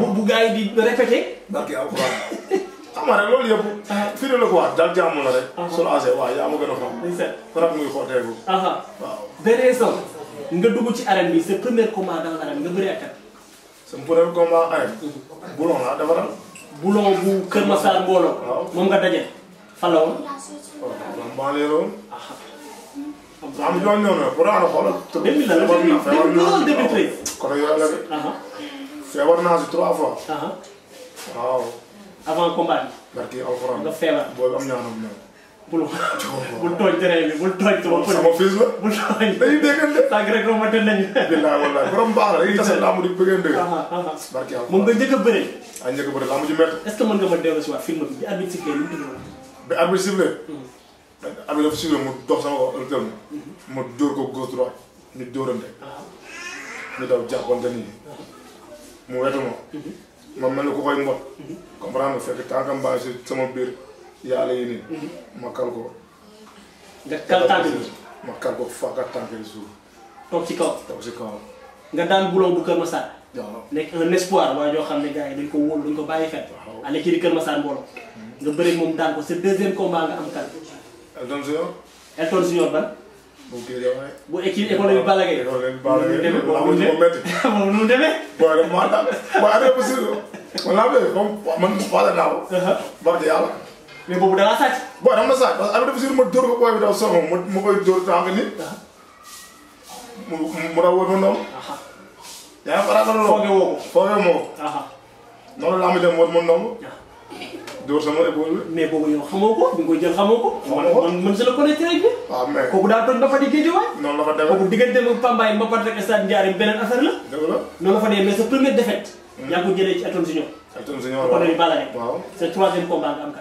bu bu gars yi di répété. barke alxuraan xam nga rek ah. la ko waat daal jàmm la rek. Ah. solo ase waaw yaa ma gën a ah, nga dugg ci arène bi sa premier combat dans l'arène nga bëri ak kan. sama premier combat mm-hmm. mbooloo. moom nga daje. fan Mouhamadou Diagne ñëw na bu doon xoolal. 2000 feebar naa si trois fois. waaw. avant combat bi. barki alxuraan nga feebar. booy am ñaanam ñoom. bul bul tooñ terrain bi bul tooñ. sama fils la bul tooñ. dañuy déggante. tàgg rek rombante nañu. bilaay wallaay borom baax la dañuy tase laamu di bëggee dëgg. barki alxuraan moom nga njëkk a bëre. ah njëkk a bëre laamu ji métti. est ce que mën nga ma dellu si waat film bi bi arbitre sifflé lu mu tudd bi arbitre sifflé abi dafa suivre mu dox sama ko tëm mhm. mu dor ko gauche droite ni doorante ñu ah. daw jappante ni mu wétu mo mhm. ma mel ko koy mbot mhm. comprendre fekk tankam ba ci sama bir ya yi ni ma kal ko nga kal tank ma kal ko fa ka tank ci suuf tok ci kaw nga daan boulon bu kër massar nek un espoir wa jo xamne gaay dañ ko wol duñ ko bayyi fet ala ci kër massar mbolo nga bëre mom daan ko sa deuxième combat nga am kal Elton Junior. Elton Junior ban. bu kii jamono bu équipe école bi Balla Gaye. école bi Balla Gaye moom nu mu métti. moom nu mu demee. booy dem maa tax booy affaire bu sérieux man laa bëgg comme man faale naa ko. Uh-huh. barke yàlla. mais boobu da ngaa sàcc. booy dama sàcc parce que affaire bu sérieux ma dóor ko booy bi daw sonn ma ma koy dóor tànk ni uh-huh. mu mu raw woon noonu. Uh-huh. yaa ngi faral di lool. foogee woo ko foogee moo ko. noonu laa ma dem woon ma noonu. dóor sama épaule la. mais boobu yow xamoo ko bi nga koy jël xamoo ko. xamoo man man je le connais très bien. waaw ah, mais kooku daa toog dafa mu Pambaay ma part rek stade Ndiarème beneen affaire la. noonu fa demee mais sa première défaite. Hmm. yaa ko jëlee ci Elton Junior. Elton Junior waaw kon dañuy baala rek. waaw sa troisième combat nga am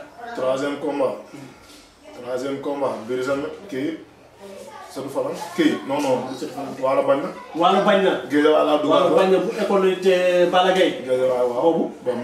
hmm. waalo bañ na. waalo bañ na. waalo bañ na bu école te Balla Gaye. Géejawaay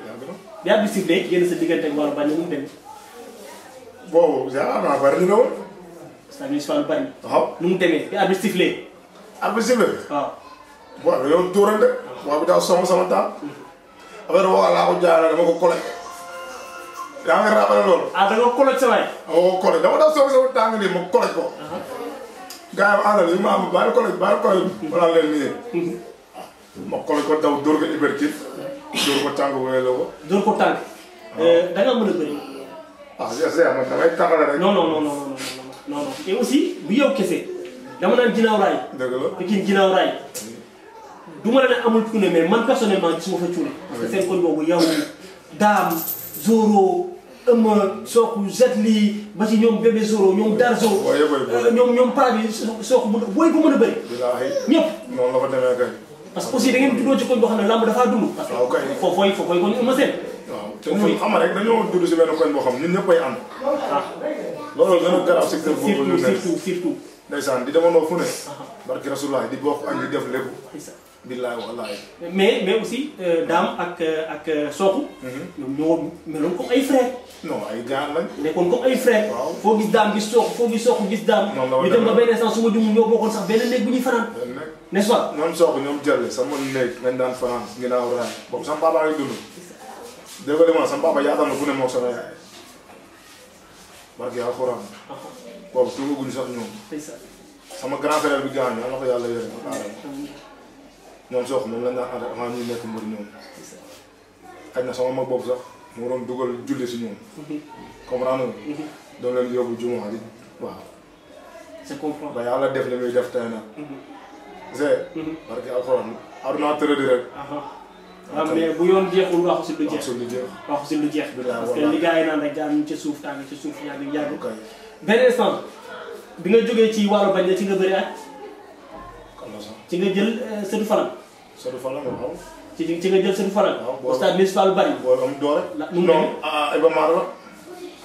bi at bi sifflé génn sa diggante ak Mor Ba ni mu demee. boobu ah maa bari na woon. c'est-à-dire histoire bari. waaw nu mu demee bi at bi sifflé. at bi sifflé. waaw. bon yow tuurante. waaw bi daal soxna sama temps. Hmm. affaire boobu laa ko jaarale dama ko collé. yaa ngi rappelé loolu. ah da nga collé sa waay. waaw collé dama daal soxna sama temps nii ma collé ko. Uh-huh. gars yi ma àndal ma am bàyyi collé bàyyi collé. ma hmm. leen nii. Hmm. Ah, ma collé ko daw dóor ko liberté. dóor ko tànk wala ko. dóor ko tànk. Ah. Euh, da nga mën a bëri. ah man damay tàngal rek. non non non non non non non et aussi bu yow kese dama naan ginnaaw raay. dëgg la Pikine ginnaaw raay. Mm. du ma la ne amul cuune mais man personnellement gisuma fa cuune. parce que seen koñ boobu yow daam Zoro Ëmma Sokku Zetli ba ci ñoom bébé Zoro ñoom Darzo. waaw euh, ñoom ñoom Paa bi Sokku mën a booy ko mën a bëri. ñëpp noonu la fa demee kay. parce que aussi da ngeen juddoo koñ boo xam ne làmb dafaa dund. parce ah, que koñ Eumeu Sène. waaw dañoo judd si benn koñ boo xam ñun ñëpp ay ànd. Ah. loolu gën a garaaw secteur boobu. surtout surtout surtout. ndeysaan di demandoo fu ne. Ah. barki Rasulullah di bokk ak di def lépp. billaay wallaay. mais mais aussi euh, Dame ak euh, ak euh, Sokh. Mhm. ñoom ñoo meloon comme ay frères. non ay gars lañ. nekkoon comme ay frères. waaw foo gis Dame gis Sokh foo gis Sokh gis Dame. ñu dem ba benn instant su ma jum ñoo bokkoon sax benn néeg bu ñoom Sokh sama néeg lañ daan fanaan ginnaaw raay boobu sama papa lay dund. dégg nga sama papa yaatal na ku ne moo sama yaay. barke alxuraan. sax ñoom. sama grand frère bi gaañu am na ko yàlla yore. ñoom soox moom lañ daan ànd avant ñuy nekk mbër ñoom xaj na sama mag boobu sax mu waroon dugal julli si ñoom comprendre nga doon leen yóbbu jumaa di waaw c'est comprendre ba yàlla def li muy def tey nag c' parce que alxuraan aduna tërëdi rek waaw ah, mais bu yoon jeexul waxu si lu jeex waxu si lu jeex waxu si lu jeex parce que li gars yi naan rek daan ci suuf tàng ci suuf yàgg yàgg benn instant bi nga jógee ci wàllu bañ la ci nga bëri at ci nga jël euh, sëdu falam sëru Falaam waaw. ci ci nga jël sëru Falaam. Ah, waaw boobu stade municipal bu bari. boobu am doole. non ah Iba Mar la.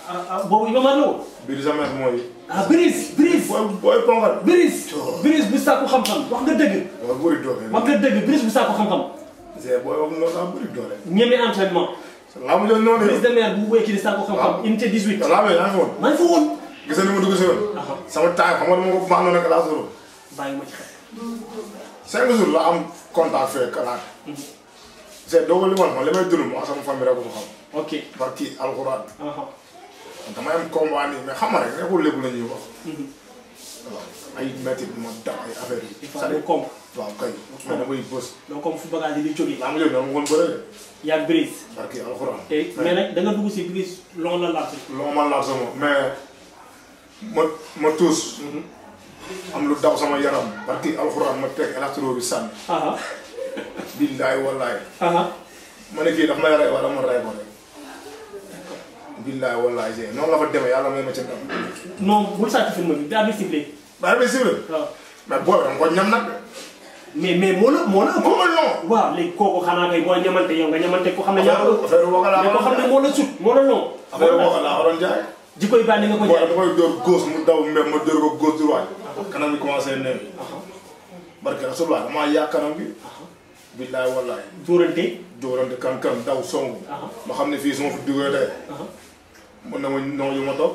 Ah, ah boobu Iba Mar la woon. Brise Amère mooy. ah Brise Brise. booy booy ponkal. Brise Brise bu sàkku xam-xam wax nga dëgg. waaw booy doole. wax nga dëgg Brise bu sàkku xam-xam. c'est booy wax noonu sax bëri doole. ñeme entraînement. laa mujjee noonu la Brise de Mer bu wékki di sàkku xam-xam. unité 18. te laa may laa fi woon. maa ngi fa woon. gis ni ma dugg si woon. Ah, sama taay xam nga dama ko baax noonu rek laa sóoroo. bàyyi ma ci xel. cinq jours la am. contact fee kalaat. Mhm. c'est doo ko limal man li may dund mu sama famille rek mu xam. ok barki alxuraan. Uh-huh. damay am combat nii mais xam nga rek nekkul lépp la ñuy wax. Mhm. ay métti ma da ay affaire yi. il faut que koom. waaw kay. man damay bës. donc comme fu bagage yi di jógee. maa ngi leen dama woon bëre. yaa brise. barki alxuraan. tey mais nag da nga si brise loo la laajte. loo ma laajte moom mais ma ma am lu daw sama yaram barki alxuraan ma teg électro bi sànni. billaay wallaay. ma ne kii daf may rey wala ma rey ko rek. billaay wallaay noonu la fa demee yàlla may ma ca ndam. non bul sàcc film bi daa bi ciblé. daa bi ciblé. waaw mais booy dama ko ñam nag. mais mais moo la moo la. moo la non. waaw léegi kooku xanaa kay boo ñamante yow nga ñamante ko xam ne. affaire affaire wokala la mais ko xam ne moo la sut moo la non. affaire wokala la waroon jaay. ji koy bànn nga ko jaay boo koy dóor góos mu daw mbéb ma dóor ko góos droit. kanam bi commencé néew. barke Rasulullah damaa yaa kanam bi. billaay wallaay. dóorante. dóorante kan kan daw songu. ma xam ne fii su ma fi duggee tey. mën na ma ñoo yu ma toog.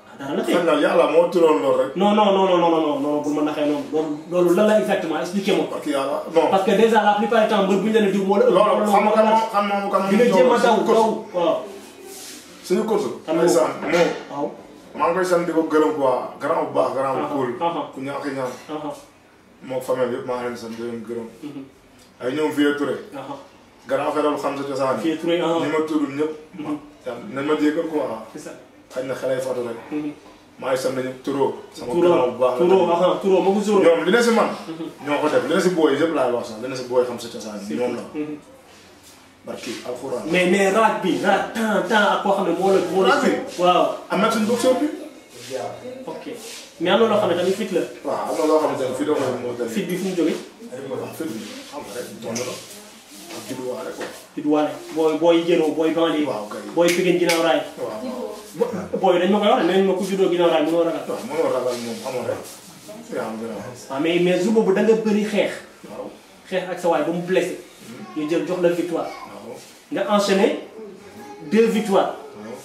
dara la tey xëy na yàlla moo turoon loolu rek. non non non non non non bu ma naxee noonu loolu loolu lan la exactement expliqué ma. parce que yàlla bon parce que déjà la plupart du temps mbër bu ñu la ne diw moo la. loolu xam nga xam nga xam nga dina jéem a daw daw waaw. suñu course. am na solo waaw. maa ngi koy sant di ko gërëm quoi grand bu baax grand bu kóol. Ah, ah, ah. ku ñaax a ñaax. moom famille yëpp maa ngi leen di sant di leen gërëm. Mhm. ay ñoom Vieux Touré. grand frère am xam sa cosaan. Vieux Touré ah ñu ma tudd ñëpp. Mhm. nañ ma jéggal quoi. xaj na xale yi faatu rek. Mhm. maa ngi sant nañu turoo. sama kanam bu baax la turoo turoo turoo ma ko turoo. ñoom li ne si man. Mhm. ñoo ko def si booy yëpp li ne bi ñoom la. Mhm. barki alxuraan. mais mais raad bi raad temps temps ak koo xam ne moo la moo la. bi. ok mais am na loo xam ne tamit fit la. waaw am na loo xam ne tamit fit la moo tamit. fit bi fu mu jógee. fit bi xam nga rek tontu la ak judduwaale quoi. judduwaale booy booy jënoo boy dañ ma koy wax ne nañ ma ku juddoo ginnaaw raay mo ragal. mo mënoo ragal moom xamoo rek. Ah, mais mais jour boobu da nga bëri xeex. waaw ak sa way ba mu blessé. ñu hmm. jël jox la victoire. nga enchaîner deux victoires.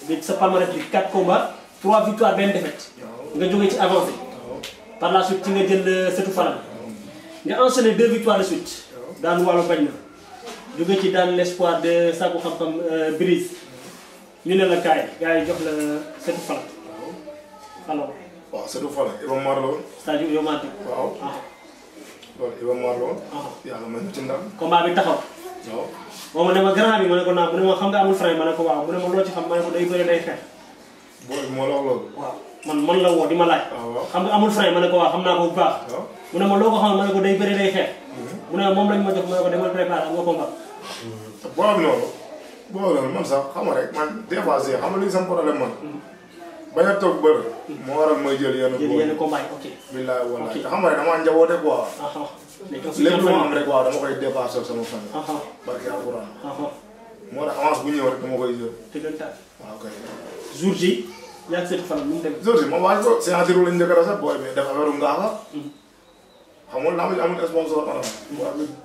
avec sa palmarès de 4 combats 3 victoires ben défaite. nga jógee ci avancé. par la suite ci nga jël cette euh, faram. nga enchaîner deux victoires de suite. daan walu bañ na. ci dans l'espoir de sa ko xam-xam euh, brise. ñu ne la kaay gars yi jox la setu Falak. alors. waaw setu Falak Iba Mar la woon. c'est-à-dire Iba Mar waaw ah. loolu Iba Mar la woon. Ah. yàlla may ñu ci ndam. combat bi taxaw. waaw. boo ma ne ma grand bi ma ne ko naa mu ne ma xam nga amul frein ma ne ko waaw mu ne ma loo ci xam ma ne ko day bëri day xeex. boobu moo la wax loolu. waaw man man la woo di ma laaj. Ah, xam nga amul frein ma ne ko waaw xam naa ko bu baax. mu ne ma loo ko xamal ma ne ko day bëri day xeex. Mm-hmm. mu ne ma moom lañ ma jox ma ne ko demal préparer am nga combat. Mm-hmm. boo am loolu. bu ma man sax xam rek man des fois si xam nga li sama problème man. bañ a toog bër. moo waral may jël yenn. jël yenn combat yi ok. billaay wallaay te xam nga rek damaa njaboote quoi. Ah, ah. lépp lu am rek waaw dama koy dépassé sama famille. Ah, barke alquran. moo tax avance bu ñëw rek dama koy jël. dëggantaan waaw kay. jour ji yaa ngi seeti fan bu mu demee. jour ji ma waaj ko séantiru lañ njëkk a rafet booy bi dafa weeru ngaaxa. Mm-hmm. xam nga laa ma amul sponsor anam. Mm-hmm.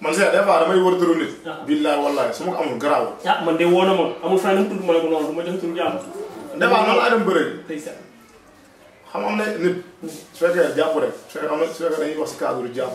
man sax a fois damay wër turu nit. Ah. billaay wallaay su ma ko amul garaaw. ah man de woo na ma amul fenn mu tudd ma ne ko noonu du ma joxe turu jàmm. des laa dem bëre. xam am na nit. su fekkee jàpp rek su a am na su fekkee dañuy wax si cadre jàpp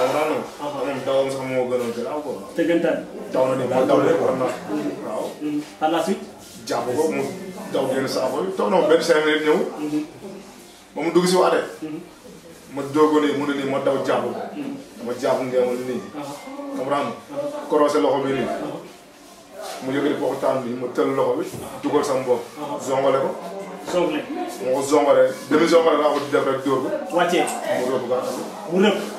waaw daal moom. même dawam sax moo gënoon gënaaw quoi. te gën daal. daw na de mooy daw rek war na waaw. par la suite. jàpp ko mu daw génn saako bi toog na ma benn cinq minutes ñëw. ba mu dugg si waate. ma doogoo nii mu ne nii ma daw jàpp ko. ma jàpp ngeemal nii. comprendre nga korosé loxo bi nii. mu yëkkati poxtaan bi ma tël loxo bi. dugal sama bopp. zongale ko. zongale. moo ko zongalee demi zongale laa ko def rek dóor ko. wàccee mu rëbb. mu rëbb.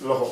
los